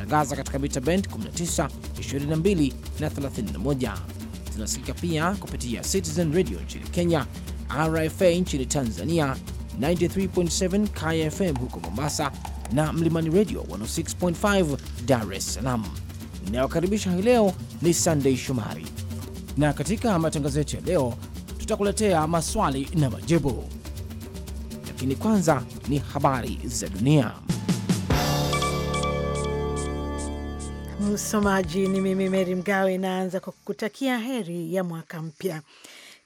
Tunatangaza katika mita band 19, 22 na 31. Tunasikika pia kupitia Citizen Radio nchini Kenya, RFA nchini Tanzania, 93.7 KFM huko Mombasa na Mlimani Radio 106.5 Dar es Salaam. Inayokaribisha hii leo ni Sunday Shumari, na katika matangazo yetu ya leo tutakuletea maswali na majibu, lakini kwanza ni habari za dunia. Msomaji ni mimi Meri Mgawe. Naanza kwa kukutakia heri ya mwaka mpya.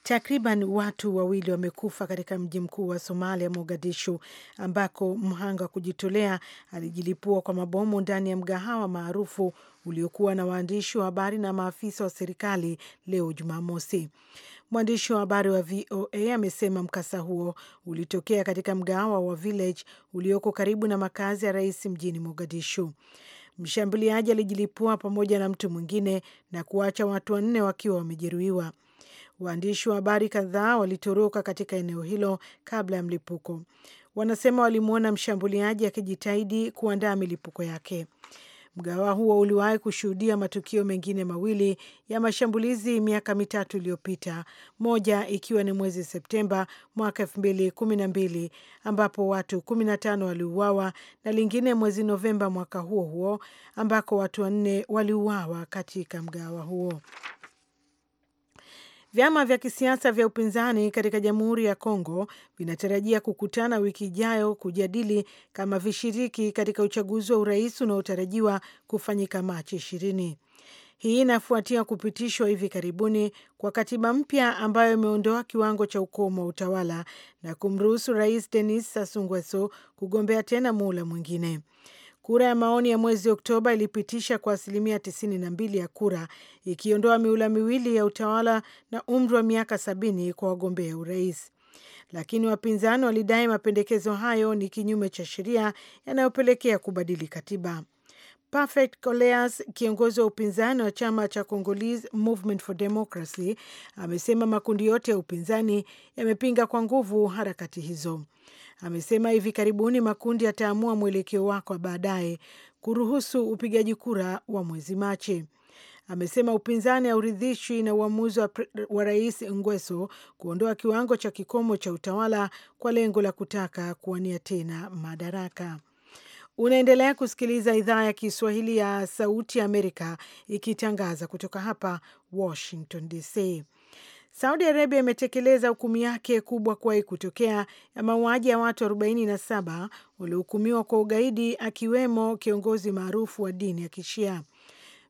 Takriban watu wawili wamekufa katika mji mkuu wa Somalia, Mogadishu, ambako mhanga wa kujitolea alijilipua kwa mabomu ndani ya mgahawa maarufu uliokuwa na waandishi wa habari na maafisa wa serikali leo Jumamosi. Mwandishi wa habari wa VOA amesema mkasa huo ulitokea katika mgahawa wa Village ulioko karibu na makazi ya rais mjini Mogadishu. Mshambuliaji alijilipua pamoja na mtu mwingine na kuacha watu wanne wakiwa wamejeruhiwa. Waandishi wa habari kadhaa walitoroka katika eneo hilo kabla ya mlipuko. Wanasema walimwona mshambuliaji akijitahidi kuandaa milipuko yake mgawa huo uliwahi kushuhudia matukio mengine mawili ya mashambulizi miaka mitatu iliyopita, moja ikiwa ni mwezi Septemba mwaka elfu mbili kumi na mbili ambapo watu kumi na tano waliuawa na lingine mwezi Novemba mwaka huo huo ambako watu wanne waliuawa katika mgawa huo. Vyama vya kisiasa vya upinzani katika Jamhuri ya Kongo vinatarajia kukutana wiki ijayo kujadili kama vishiriki katika uchaguzi wa urais unaotarajiwa kufanyika Machi ishirini. Hii inafuatia kupitishwa hivi karibuni kwa katiba mpya ambayo imeondoa kiwango cha ukomo wa utawala na kumruhusu Rais Denis Sassou Nguesso kugombea tena muhula mwingine. Kura ya maoni ya mwezi Oktoba ilipitisha kwa asilimia 92 ya kura ikiondoa miula miwili ya utawala na umri wa miaka sabini kwa wagombea urais, lakini wapinzani walidai mapendekezo hayo ni kinyume cha sheria yanayopelekea kubadili katiba. Parfait Coleas, kiongozi wa upinzani wa chama cha Congolese Movement for Democracy, amesema makundi yote ya upinzani yamepinga kwa nguvu harakati hizo. Amesema hivi karibuni makundi yataamua mwelekeo wako wa baadaye kuruhusu upigaji kura wa mwezi Machi. Amesema upinzani hauridhishwi na uamuzi wa Rais Ngweso kuondoa kiwango cha kikomo cha utawala kwa lengo la kutaka kuwania tena madaraka. Unaendelea kusikiliza idhaa ya Kiswahili ya Sauti ya Amerika ikitangaza kutoka hapa Washington DC. Saudi Arabia imetekeleza hukumu yake kubwa kuwahi kutokea ya mauaji ya watu 47 waliohukumiwa kwa ugaidi akiwemo kiongozi maarufu wa dini ya Kishia.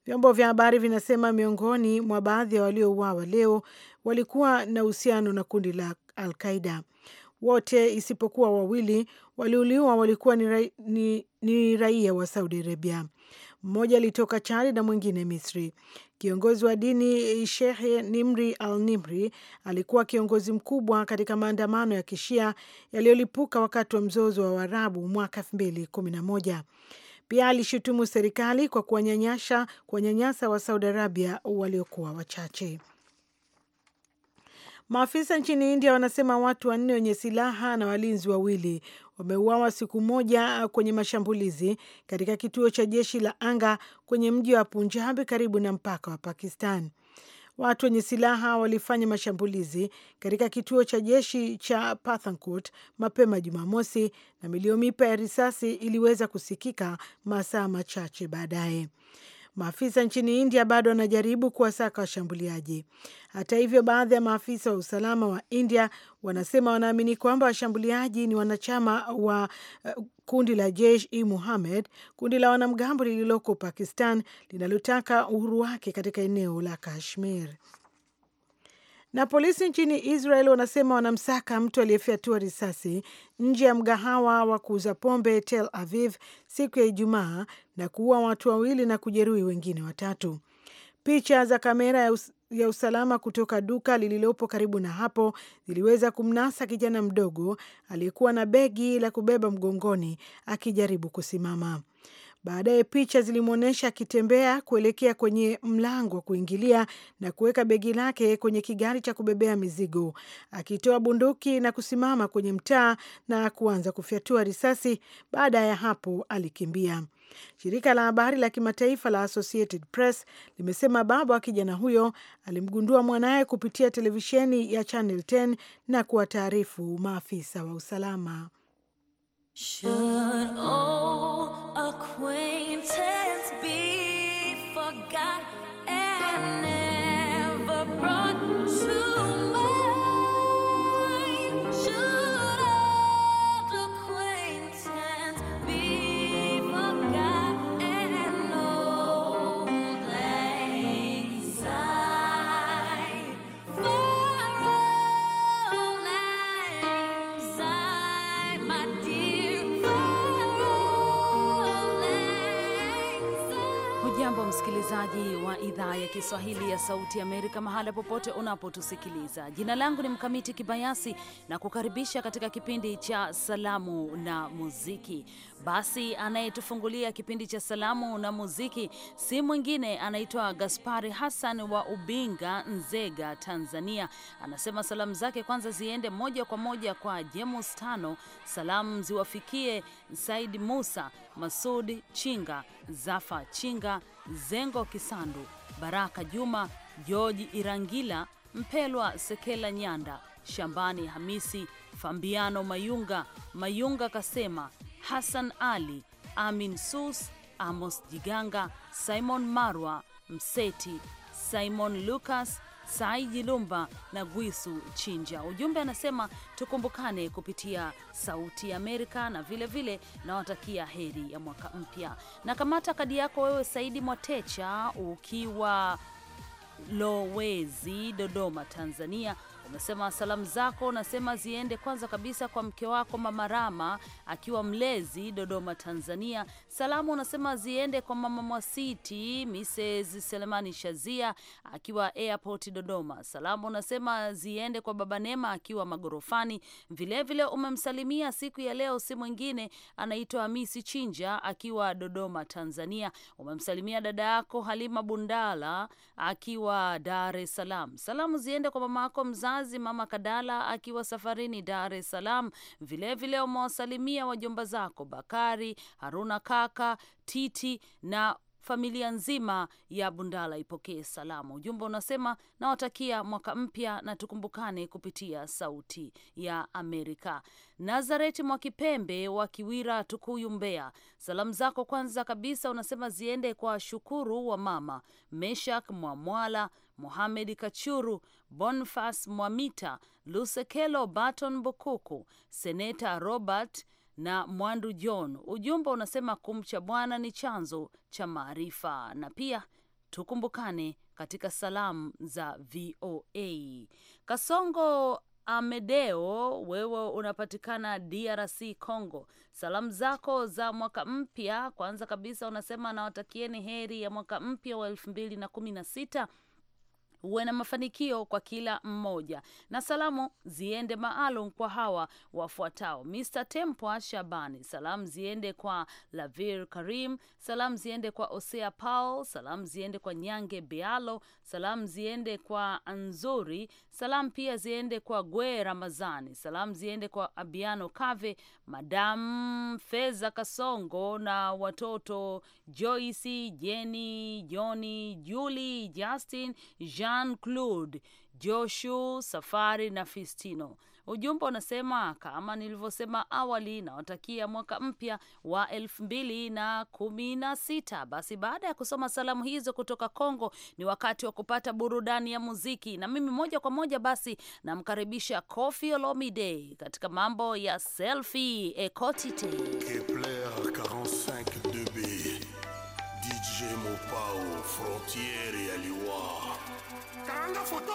Vyombo vya habari vinasema miongoni mwa baadhi ya waliouawa leo walikuwa na uhusiano na kundi la Al Qaida. Wote isipokuwa wawili waliuliwa walikuwa ni, ra ni, ni raia wa Saudi Arabia. Mmoja alitoka Chad na mwingine Misri. Kiongozi wa dini shehe Nimri Al Nimri alikuwa kiongozi mkubwa katika maandamano ya kishia yaliyolipuka wakati wa mzozo wa Waarabu mwaka elfu mbili kumi na moja. Pia alishutumu serikali kwa kuwanyanyasa wa Saudi Arabia waliokuwa wachache. Maafisa nchini India wanasema watu wanne wenye silaha na walinzi wawili wameuawa siku moja kwenye mashambulizi katika kituo cha jeshi la anga kwenye mji wa Punjab karibu na mpaka wa Pakistan. Watu wenye silaha walifanya mashambulizi katika kituo cha jeshi cha Pathankot mapema Jumamosi, na milio mipa ya risasi iliweza kusikika masaa machache baadaye. Maafisa nchini India bado wanajaribu kuwasaka washambuliaji. Hata hivyo, baadhi ya maafisa wa usalama wa India wanasema wanaamini kwamba washambuliaji ni wanachama wa eh, kundi la Jeish e Muhammad, kundi la wanamgambo lililoko Pakistan linalotaka uhuru wake katika eneo la Kashmir. Na polisi nchini Israel wanasema wanamsaka mtu aliyefyatua risasi nje ya mgahawa wa kuuza pombe Tel Aviv siku ya Ijumaa na kuua watu wawili na kujeruhi wengine watatu. Picha za kamera ya us ya usalama kutoka duka lililopo karibu na hapo ziliweza kumnasa kijana mdogo aliyekuwa na begi la kubeba mgongoni akijaribu kusimama. Baadaye picha zilimwonyesha akitembea kuelekea kwenye mlango wa kuingilia na kuweka begi lake kwenye kigari cha kubebea mizigo, akitoa bunduki na kusimama kwenye mtaa na kuanza kufyatua risasi. Baada ya hapo alikimbia. Shirika la habari la kimataifa la Associated Press limesema baba wa kijana huyo alimgundua mwanaye kupitia televisheni ya Channel 10 na kuwataarifu maafisa wa usalama. acquaintance be forgotten. msikilizaji wa idhaa ya Kiswahili ya Sauti Amerika, mahala popote unapotusikiliza. Jina langu ni Mkamiti Kibayasi na kukaribisha katika kipindi cha Salamu na Muziki. Basi anayetufungulia kipindi cha Salamu na Muziki si mwingine, anaitwa Gaspari Hassan wa Ubinga, Nzega, Tanzania. Anasema salamu zake kwanza ziende moja kwa moja kwa Jemus Tano, salamu ziwafikie Said Musa, Masud Chinga, Zafa Chinga, Zengo Kisandu, Baraka Juma, George Irangila, Mpelwa Sekela Nyanda, Shambani Hamisi, Fambiano Mayunga, Mayunga Kasema, Hassan Ali, Amin Sus, Amos Jiganga, Simon Marwa, Mseti, Simon Lucas Saiji Lumba na Gwisu Chinja. Ujumbe anasema tukumbukane kupitia Sauti ya Amerika na vilevile nawatakia heri ya mwaka mpya. Na kamata kadi yako wewe, Saidi Mwatecha ukiwa Lowezi, Dodoma, Tanzania Unasema salamu zako unasema ziende kwanza kabisa kwa mke wako Mama Rama akiwa Mlezi, Dodoma, Tanzania. Salamu unasema ziende kwa Mama Mwasiti Mrs. Selemani Shazia akiwa airport Dodoma. Salamu unasema ziende kwa Baba Nema akiwa magorofani. Vilevile umemsalimia siku ya leo, si mwingine anaitwa Hamisi Chinja akiwa Dodoma, Tanzania. Umemsalimia dada yako Halima Bundala akiwa Dar es Salaam. Salamu ziende kwa mama yako mzazi mzazi Mama Kadala akiwa safarini Dar es Salaam. Vilevile umewasalimia wajomba zako Bakari Haruna, kaka Titi na familia nzima ya Bundala ipokee salamu. Ujumbe unasema nawatakia mwaka mpya na tukumbukane kupitia Sauti ya Amerika. Nazareti Mwakipembe wa Kiwira, Tukuyu, Mbeya, salamu zako kwanza kabisa unasema ziende kwa Shukuru wa mama Meshak Mwamwala, muhamed Kachuru, Bonfas Mwamita, Lusekelo Baton Bukuku, Seneta Robert na Mwandu John. Ujumbe unasema kumcha Bwana ni chanzo cha maarifa, na pia tukumbukane katika salamu za VOA. Kasongo Amedeo, wewe unapatikana DRC Congo. Salamu zako za mwaka mpya, kwanza kabisa unasema nawatakieni heri ya mwaka mpya wa elfu mbili na kumi na sita uwe na mafanikio kwa kila mmoja, na salamu ziende maalum kwa hawa wafuatao: Mr Tempwa Shabani, salamu ziende kwa Lavir Karim, salamu ziende kwa Osea Paul, salamu ziende kwa Nyange Bealo, salamu ziende kwa Anzuri, Salamu pia ziende kwa Gwe Ramazani, salamu ziende kwa Abiano Kave, Madam Feza Kasongo na watoto Joyce, Jeni, Joni, juli Justin, Jean Claude, Joshu, Safari na Fistino. Ujumbe unasema kama nilivyosema awali, nawatakia mwaka mpya wa elfu mbili na kumi na sita. Basi baada ya kusoma salamu hizo kutoka Kongo, ni wakati wa kupata burudani ya muziki, na mimi moja kwa moja basi namkaribisha Koffi Olomide katika mambo ya selfie ekotite 45 Mopao Frontiere ya Liwa karanga foto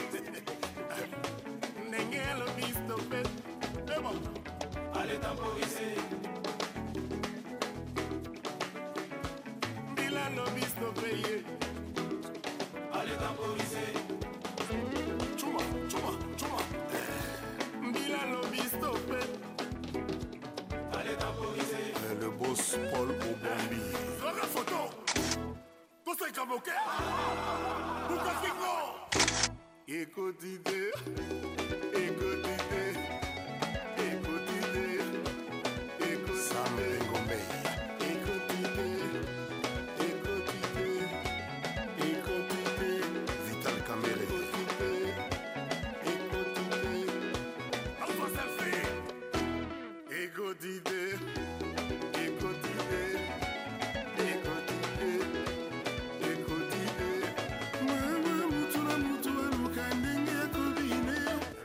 Jamboree.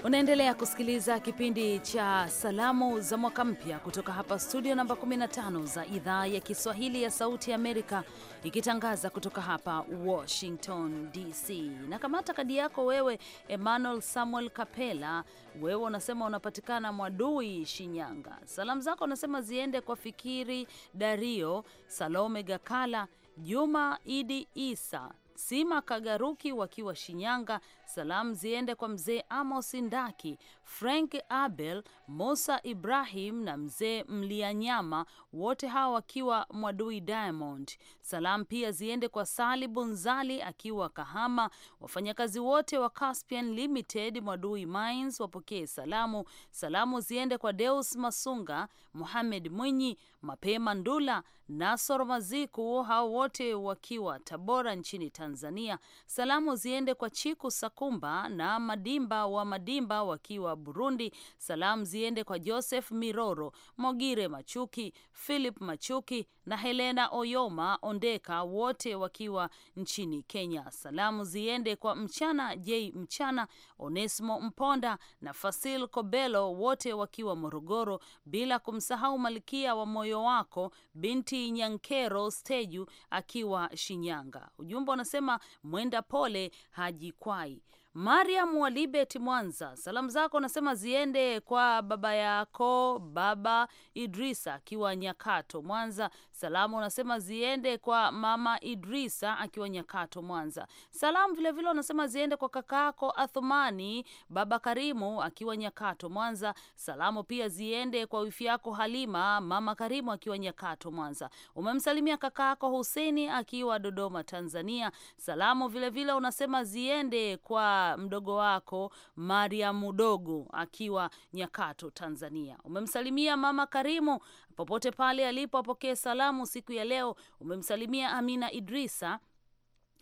Unaendelea kusikiliza kipindi cha salamu za mwaka mpya kutoka hapa studio namba 15 za idhaa ya Kiswahili ya Sauti Amerika, ikitangaza kutoka hapa Washington DC. Na kamata kadi yako wewe, Emmanuel Samuel Kapela, wewe unasema unapatikana Mwadui, Shinyanga. Salamu zako unasema ziende kwa Fikiri Dario, Salome Gakala, Juma Idi Isa Sima Kagaruki wakiwa Shinyanga Salamu ziende kwa mzee Amos Ndaki, Frank Abel, Musa Ibrahim na mzee Mlianyama, wote hawa wakiwa Mwadui Diamond. Salamu pia ziende kwa Sali Bunzali akiwa Kahama. Wafanyakazi wote wa Caspian Limited Mwadui Mines wapokee salamu. Salamu ziende kwa Deus Masunga, Muhamed Mwinyi, Mapema Ndula, Nasor Maziku, hao wote wakiwa Tabora nchini Tanzania. Salamu ziende kwa Chiku Sak Makumba na Madimba wa Madimba wakiwa Burundi. Salamu ziende kwa Joseph Miroro, Mogire Machuki, Philip Machuki, na Helena Oyoma Ondeka, wote wakiwa nchini Kenya. Salamu ziende kwa Mchana J Mchana, Onesmo Mponda na Fasil Kobelo, wote wakiwa Morogoro, bila kumsahau Malkia wa Moyo Wako binti Nyankero Steju akiwa Shinyanga. Ujumbe unasema mwenda pole hajikwai. Mariam walibet Mwanza, salamu zako nasema ziende kwa baba yako baba Idrisa akiwa Nyakato Mwanza, Salamu unasema ziende kwa mama Idrisa akiwa Nyakato, Mwanza. Salamu vilevile unasema vile ziende kwa kakaako Athumani baba Karimu akiwa Nyakato, Mwanza. Salamu pia ziende kwa wifi yako Halima mama Karimu akiwa Nyakato, Mwanza. Umemsalimia kakaako Huseni akiwa Dodoma, Tanzania. Salamu vilevile vile unasema ziende kwa mdogo wako Mariamu Dogo akiwa Nyakato, Tanzania. Umemsalimia mama Karimu Popote pale alipo, apokee salamu siku ya leo. Umemsalimia Amina Idrisa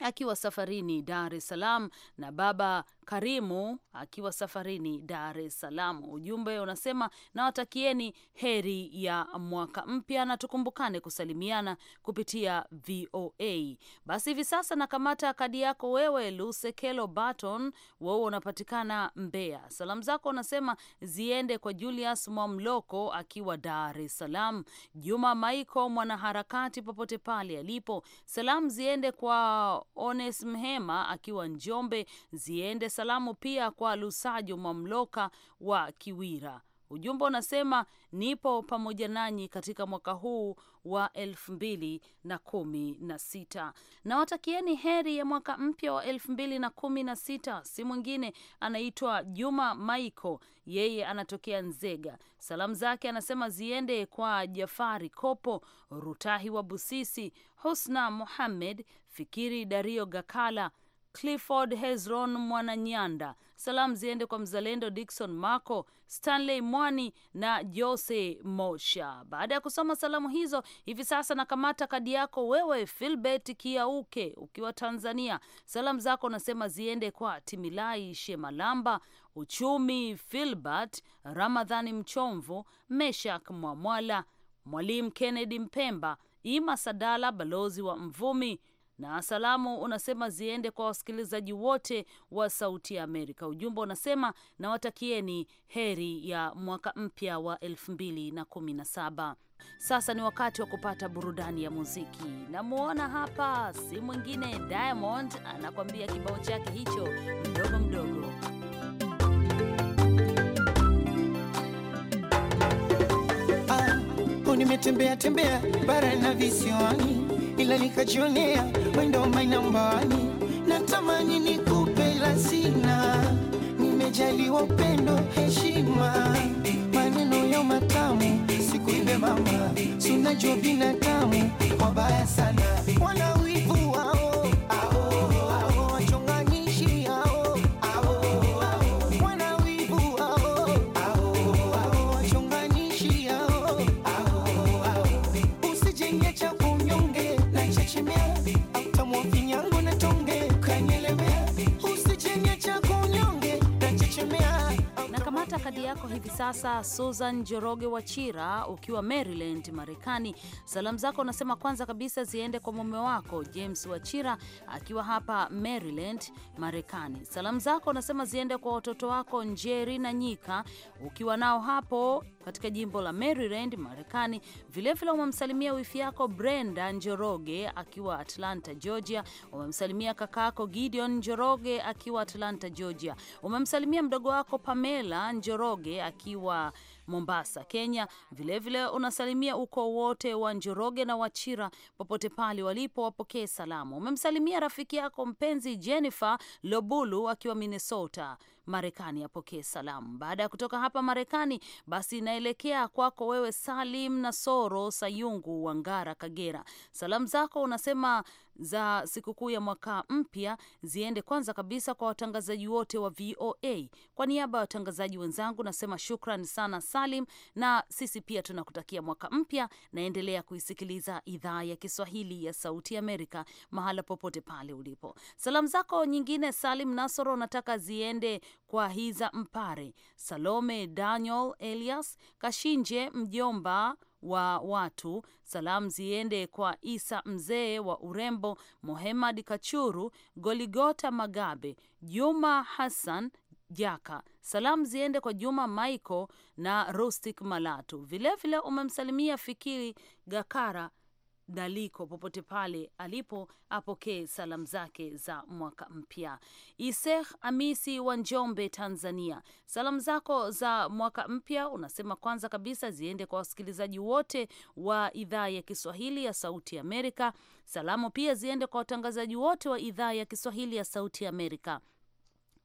akiwa safarini Dar es Salaam na baba Karimu akiwa safarini Dar es Salaam. Ujumbe unasema nawatakieni heri ya mwaka mpya na tukumbukane kusalimiana kupitia VOA. Basi hivi sasa nakamata kadi yako wewe, Lusekelo baton wewe unapatikana Mbeya. Salamu zako unasema ziende kwa Julius Mwamloko akiwa Dar es Salaam, Juma Maiko mwanaharakati popote pale alipo. Salamu ziende kwa Ones Mhema akiwa Njombe, ziende salamu pia kwa Lusajo Mamloka wa Kiwira. Ujumbe unasema nipo pamoja nanyi katika mwaka huu wa elfu mbili na kumi na sita. Nawatakieni heri ya mwaka mpya wa elfu mbili na kumi na sita. Si mwingine anaitwa Juma Maiko, yeye anatokea Nzega. Salamu zake anasema ziende kwa Jafari Kopo, Rutahi wa Busisi, Husna Muhammed, Fikiri Dario Gakala Clifford Hezron Mwananyanda. Salamu ziende kwa mzalendo Dikson Marco, Stanley Mwani na Jose Mosha. Baada ya kusoma salamu hizo, hivi sasa nakamata kadi yako wewe, Filbert Kiauke, ukiwa Tanzania. Salamu zako nasema ziende kwa Timilai Shemalamba, Uchumi Filbert, Ramadhani Mchomvu, Meshak Mwamwala, Mwalimu Kennedy Mpemba, Ima Sadala, balozi wa Mvumi na salamu unasema ziende kwa wasikilizaji wote wa Sauti ya Amerika. Ujumbe unasema nawatakieni heri ya mwaka mpya wa elfu mbili na kumi na saba. Sasa ni wakati wa kupata burudani ya muziki. Namuona hapa si mwingine Diamond anakwambia kibao chake hicho mdogo mdogo ah, nimetembea tembea bara na visiwani ila nikajionea wendo mainambani, natamani nikupe la sina, nimejaliwa upendo, heshima, maneno ya matamu siku ile mama, sunajua binadamu wabaya sana, wana wivu sasa Susan joroge Wachira, ukiwa Maryland, Marekani, salamu zako unasema kwanza kabisa ziende kwa mume wako James Wachira akiwa hapa Maryland, Marekani. Salamu zako unasema ziende kwa watoto wako Njeri na Nyika ukiwa nao hapo katika jimbo la Maryland, Marekani. Vilevile umemsalimia wifi yako Brenda Njoroge akiwa Atlanta, Georgia. Umemsalimia kakaako Gideon Njoroge akiwa Atlanta, Georgia. umemsalimia mdogo wako Pamela Njoroge akiwa Mombasa, Kenya. Vilevile vile unasalimia ukoo wote wa Njoroge na Wachira popote pale walipo, wapokee salamu. Umemsalimia rafiki yako mpenzi Jennifer Lobulu akiwa Minnesota. Marekani apokee salamu. Baada ya kutoka hapa Marekani, basi inaelekea kwako wewe Salim na Soro Sayungu wa Ngara, Kagera. Salamu zako unasema za sikukuu ya mwaka mpya ziende kwanza kabisa kwa watangazaji wote wa VOA. Kwa niaba ya watangazaji wenzangu nasema shukran sana Salim, na sisi pia tunakutakia mwaka mpya. Naendelea kuisikiliza idhaa ya Kiswahili ya Sauti Amerika mahala popote pale ulipo. Salamu zako nyingine Salim Nasoro nataka ziende kwa hiza Mpare, Salome Daniel Elias Kashinje, mjomba wa watu. Salamu ziende kwa Isa mzee wa urembo, Mohamad Kachuru, Goligota Magabe, Juma Hassan Jaka. Salamu ziende kwa Juma Michael na Rustic Malatu. Vilevile umemsalimia Fikiri Gakara Daliko popote pale alipo apokee salamu zake za mwaka mpya. Isekh Amisi wa Njombe, Tanzania, salamu zako za mwaka mpya unasema kwanza kabisa ziende kwa wasikilizaji wote wa idhaa ya Kiswahili ya Sauti Amerika. Salamu pia ziende kwa watangazaji wote wa idhaa ya Kiswahili ya Sauti Amerika.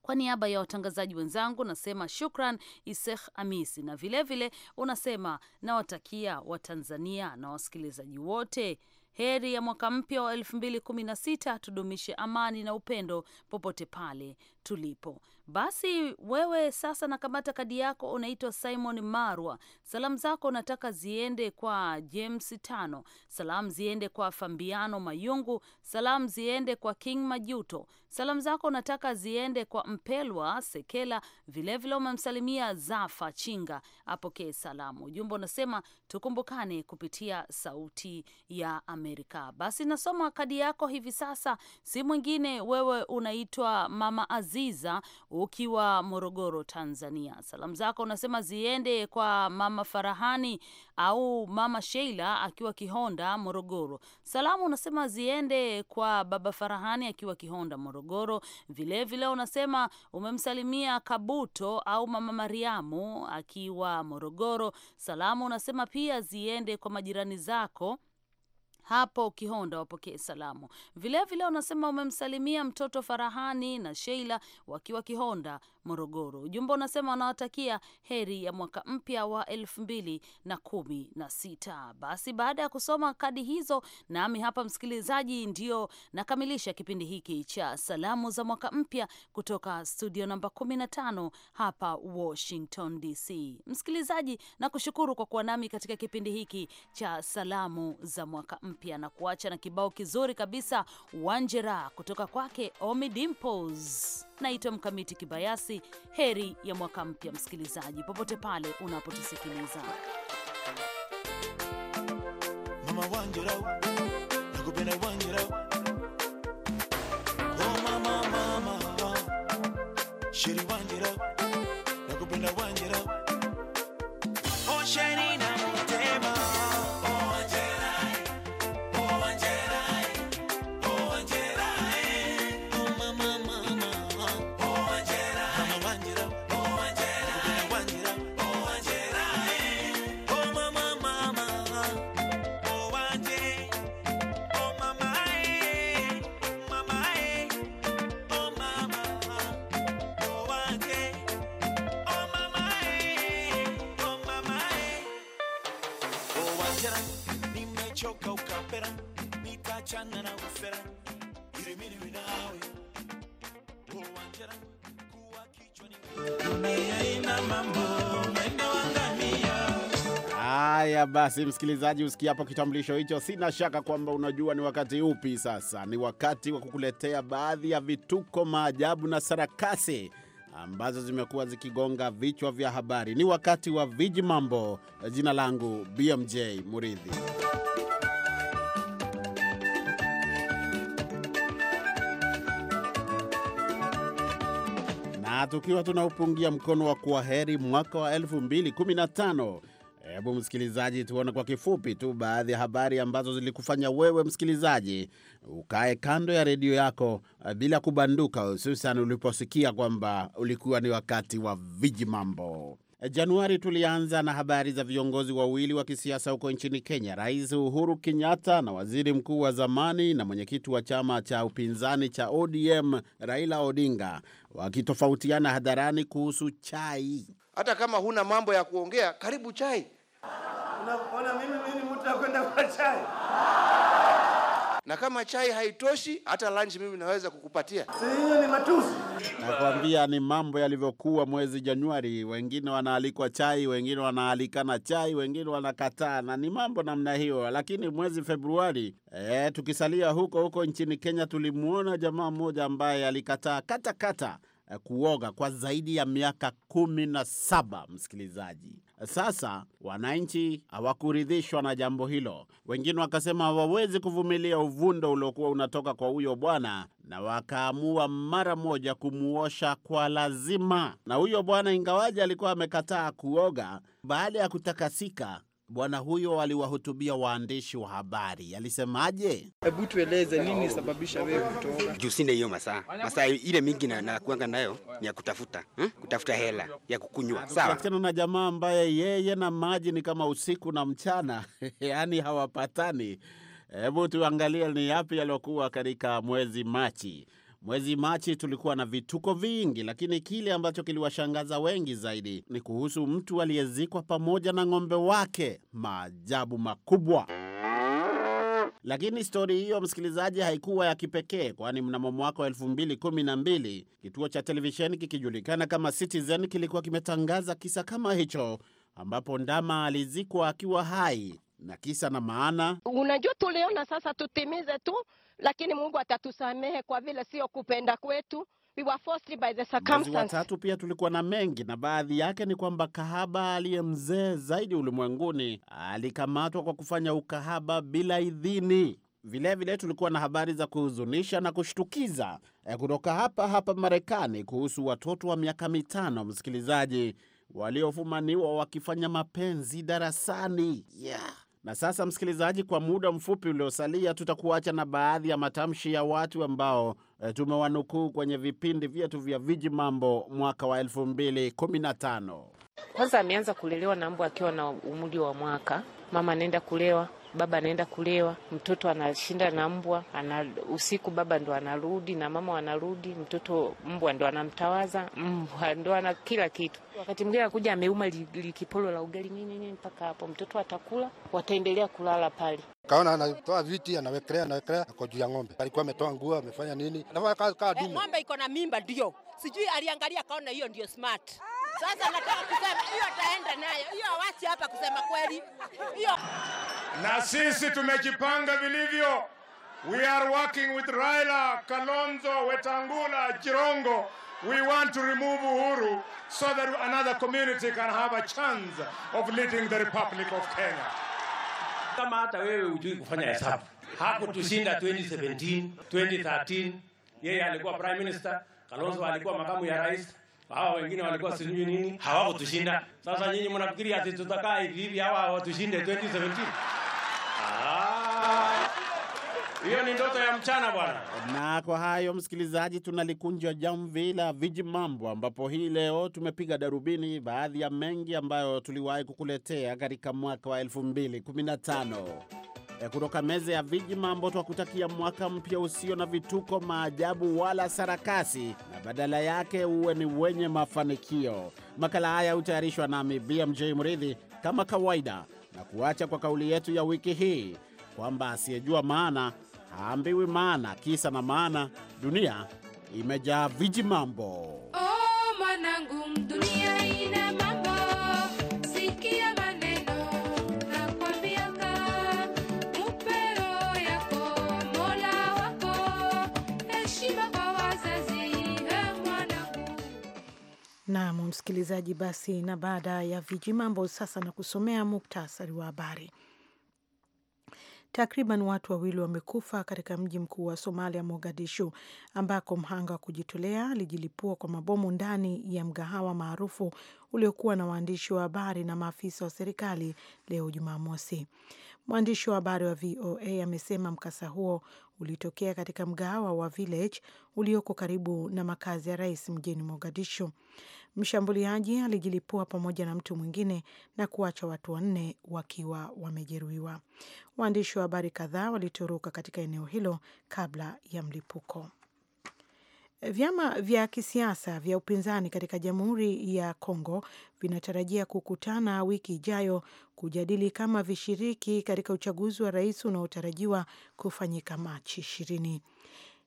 Kwa niaba ya watangazaji wenzangu nasema shukran Isekh Amisi, na vilevile vile unasema nawatakia Watanzania na wasikilizaji wote heri ya mwaka mpya wa 216 Tudumishe amani na upendo popote pale tulipo. Basi wewe sasa, nakamata kadi yako, unaitwa Simon Marwa. Salamu zako unataka ziende kwa James Tano, salamu ziende kwa Fambiano Mayungu, salamu ziende kwa King Majuto, salamu zako unataka ziende kwa Mpelwa Sekela, vilevile umemsalimia Zafa Chinga, apokee salamu. Ujumbe unasema tukumbukane kupitia Sauti ya Amerika. Basi nasoma kadi yako hivi sasa, si mwingine, wewe unaitwa Mama Aziza ukiwa Morogoro, Tanzania. Salamu zako unasema ziende kwa mama Farahani au mama Sheila akiwa Kihonda, Morogoro. Salamu unasema ziende kwa baba Farahani akiwa Kihonda, Morogoro. Vilevile vile unasema umemsalimia Kabuto au mama Mariamu akiwa Morogoro. Salamu unasema pia ziende kwa majirani zako hapo Kihonda wapokee salamu. Vilevile unasema umemsalimia mtoto Farahani na Sheila wakiwa Kihonda, Morogoro. Ujumbe unasema wanawatakia heri ya mwaka mpya wa elfu mbili na kumi na sita. Basi baada ya kusoma kadi hizo, nami hapa msikilizaji, ndio nakamilisha kipindi hiki cha salamu za mwaka mpya kutoka studio namba 15 hapa Washington DC. Msikilizaji, nakushukuru kwa kuwa nami katika kipindi hiki cha salamu za mwaka mpya mpya na kuacha na kibao kizuri kabisa Wanjera kutoka kwake Omi Dimples. Naitwa Mkamiti Kibayasi. Heri ya mwaka mpya, msikilizaji, popote pale unapotusikiliza. Mama Wanjera, nakupenda Wanjera. Oh mama, mama, Wanjera, nakupenda Wanjera nimechoka ukapera, nitachana na kuwa mambo Haya basi, msikilizaji, usikia hapo kitambulisho hicho, sina shaka kwamba unajua ni wakati upi sasa. Ni wakati wa kukuletea baadhi ya vituko, maajabu na sarakasi ambazo zimekuwa zikigonga vichwa vya habari. Ni wakati wa viji mambo. Jina langu BMJ Muridhi. Na tukiwa tunaupungia mkono wa kuwaheri mwaka wa 2015 Hebu msikilizaji, tuone kwa kifupi tu baadhi ya habari ambazo zilikufanya wewe msikilizaji ukae kando ya redio yako eh, bila kubanduka, hususan uliposikia kwamba ulikuwa ni wakati wa viji mambo. Eh, Januari tulianza na habari za viongozi wawili wa kisiasa huko nchini Kenya, Rais Uhuru Kenyatta na waziri mkuu wa zamani na mwenyekiti wa chama cha upinzani cha ODM Raila Odinga wakitofautiana hadharani kuhusu chai. Hata kama huna mambo ya kuongea, karibu chai Unaona mimi mimi mtu akwenda kwa chai na kama chai haitoshi, hata lunch mimi naweza kukupatia. Hiyo ni matusi. Nakwambia ni mambo yalivyokuwa mwezi Januari. Wengine wanaalikwa chai, wengine wanaalikana chai, wengine wanakataa, na ni mambo namna hiyo. Lakini mwezi Februari e, tukisalia huko huko nchini Kenya, tulimwona jamaa mmoja ambaye alikataa katakata eh, kuoga kwa zaidi ya miaka kumi na saba, msikilizaji sasa wananchi hawakuridhishwa na jambo hilo. Wengine wakasema hawawezi kuvumilia uvundo uliokuwa unatoka kwa huyo bwana, na wakaamua mara moja kumuosha kwa lazima. Na huyo bwana, ingawaje alikuwa amekataa kuoga, baada ya kutakasika Bwana huyo aliwahutubia waandishi wa habari, alisemaje? Hebu tueleze nini sababisha wewe kutoka? Juu hiyo masaa masaa ile mingi na, na nayo ni ya kutafuta hmm? kutafuta hela ya kukunywa. Sawa, tena na jamaa ambaye yeye na maji ni kama usiku na mchana yaani hawapatani. Hebu tuangalie ni yapi yaliokuwa katika mwezi Machi. Mwezi Machi tulikuwa na vituko vingi, lakini kile ambacho kiliwashangaza wengi zaidi ni kuhusu mtu aliyezikwa pamoja na ng'ombe wake. Maajabu makubwa! Lakini stori hiyo, msikilizaji, haikuwa ya kipekee, kwani mnamo mwaka wa 212 kituo cha televisheni kikijulikana kama Citizen kilikuwa kimetangaza kisa kama hicho, ambapo ndama alizikwa akiwa hai na kisa na maana. Unajua, tuliona sasa tutimize tu lakini Mungu atatusamehe kwa vile sio kupenda kwetu. We were forced by the circumstances. Mwezi wa tatu pia tulikuwa na mengi, na baadhi yake ni kwamba kahaba aliye mzee zaidi ulimwenguni alikamatwa kwa kufanya ukahaba bila idhini. Vilevile vile tulikuwa na habari za kuhuzunisha na kushtukiza eh, kutoka hapa hapa Marekani kuhusu watoto wa miaka mitano, msikilizaji, waliofumaniwa wakifanya mapenzi darasani. Yeah. Na sasa, msikilizaji, kwa muda mfupi uliosalia, tutakuacha na baadhi ya matamshi ya watu ambao e, tumewanukuu kwenye vipindi vyetu vya viji mambo mwaka wa 2015. Kwanza ameanza kulelewa na mbwa akiwa na umri wa mwaka, mama anaenda kulewa baba anaenda kulewa, mtoto anashinda na mbwa ana, usiku baba ndo anarudi na mama wanarudi, mtoto mbwa ndo anamtawaza, mbwa ndo ana kila kitu. Wakati mwingine anakuja ameuma likipolo la ugali nini nini, mpaka hapo mtoto atakula, wataendelea kulala pale. Kaona anatoa viti anawekelea anawekelea ako juu ya ng'ombe, alikuwa ametoa nguo amefanya nini, anafanya kazi kaa eh, dume. Ng'ombe iko na mimba, ndio sijui aliangalia kaona hiyo ndio smart. Sasa nataka kusema hiyo ataenda nayo hiyo, awache hapa kusema kweli hiyo na sisi tumejipanga vilivyo. We are working with Raila, Kalonzo, Wetangula, Jirongo. We want to remove Uhuru so that another community can have a chance of leading the Republic of Kenya. Kama hata wewe hujui kufanya hesabu, hakutushinda 2017, 2013. Yeye alikuwa prime minister, Kalonzo alikuwa makamu ya rais, hawa wengine walikuwa sijui nini, hawakutushinda. Sasa nyinyi mnafikiri ati tutakaa hivi hivi hawa watushinde 2017? Hiyo ni ndoto ya mchana bwana. Na kwa hayo, msikilizaji, tunalikunja jamvi la viji mambo, ambapo hii leo tumepiga darubini baadhi ya mengi ambayo tuliwahi kukuletea katika mwaka wa 2015. E, kutoka meza ya viji mambo twakutakia mwaka mpya usio na vituko, maajabu wala sarakasi, na badala yake uwe ni wenye mafanikio. Makala haya hutayarishwa nami BMJ Mridhi kama kawaida, na kuacha kwa kauli yetu ya wiki hii kwamba asiyejua maana haambiwi maana. Kisa na maana, dunia imejaa viji mambo. Oh, mwanangu, dunia ina mambo. Sikia maneno nakwambia, mpe mupero yako Mola wako, heshima kwa wazazi, e mwanangu. Naam msikilizaji, basi na baada ya viji mambo sasa, na kusomea muktasari wa habari takriban watu wawili wamekufa katika mji mkuu wa Somalia, Mogadishu, ambako mhanga wa kujitolea alijilipua kwa mabomu ndani ya mgahawa maarufu uliokuwa na waandishi wa habari na maafisa wa serikali leo Jumamosi. Mwandishi wa habari wa VOA amesema mkasa huo ulitokea katika mgahawa wa Village ulioko karibu na makazi ya rais mjini Mogadishu. Mshambuliaji alijilipua pamoja na mtu mwingine na kuacha watu wanne wakiwa wamejeruhiwa. Waandishi wa habari kadhaa walitoroka katika eneo hilo kabla ya mlipuko. Vyama vya kisiasa vya upinzani katika Jamhuri ya Kongo vinatarajia kukutana wiki ijayo kujadili kama vishiriki katika uchaguzi wa rais unaotarajiwa kufanyika Machi ishirini.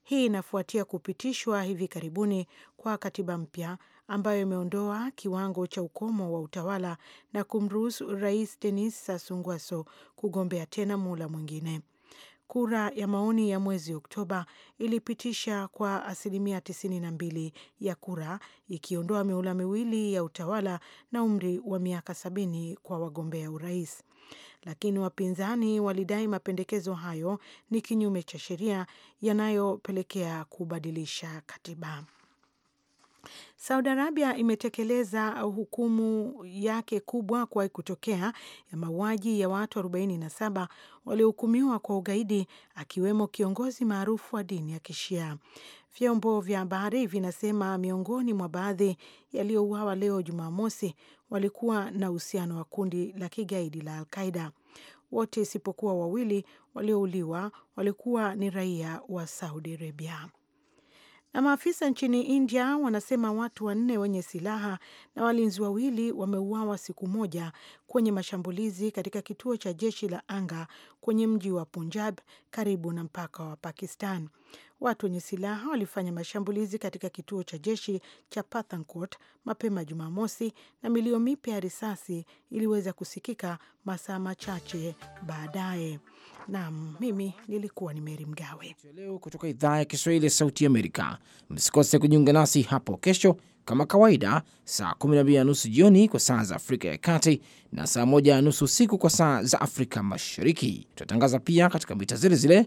Hii inafuatia kupitishwa hivi karibuni kwa katiba mpya ambayo imeondoa kiwango cha ukomo wa utawala na kumruhusu Rais Denis Sassou Nguesso kugombea tena muhula mwingine. Kura ya maoni ya mwezi Oktoba ilipitisha kwa asilimia 92 ya kura ikiondoa mihula miwili ya utawala na umri wa miaka sabini kwa wagombea urais, lakini wapinzani walidai mapendekezo hayo ni kinyume cha sheria yanayopelekea kubadilisha katiba. Saudi Arabia imetekeleza hukumu yake kubwa kuwahi kutokea ya mauaji ya watu 47 waliohukumiwa kwa ugaidi akiwemo kiongozi maarufu wa dini ya Kishia. Vyombo vya habari vinasema miongoni mwa baadhi yaliyouawa leo Jumamosi walikuwa na uhusiano wa kundi la kigaidi la Alqaida. Wote isipokuwa wawili waliouliwa walikuwa ni raia wa Saudi Arabia. Na maafisa nchini India wanasema watu wanne wenye silaha na walinzi wawili wameuawa siku moja kwenye mashambulizi katika kituo cha jeshi la anga kwenye mji wa Punjab karibu na mpaka wa Pakistan. Watu wenye silaha walifanya mashambulizi katika kituo cha jeshi cha Pathankot mapema Jumamosi na milio mipya ya risasi iliweza kusikika masaa machache baadaye. Naam, mimi nilikuwa ni Meri Mgawe leo kutoka idhaa ya Kiswahili ya Sauti Amerika. Msikose kujiunga nasi hapo kesho kama kawaida saa 12 na nusu jioni kwa saa za Afrika ya Kati na saa 1 na nusu usiku kwa saa za Afrika Mashariki. tunatangaza pia katika mita zile zile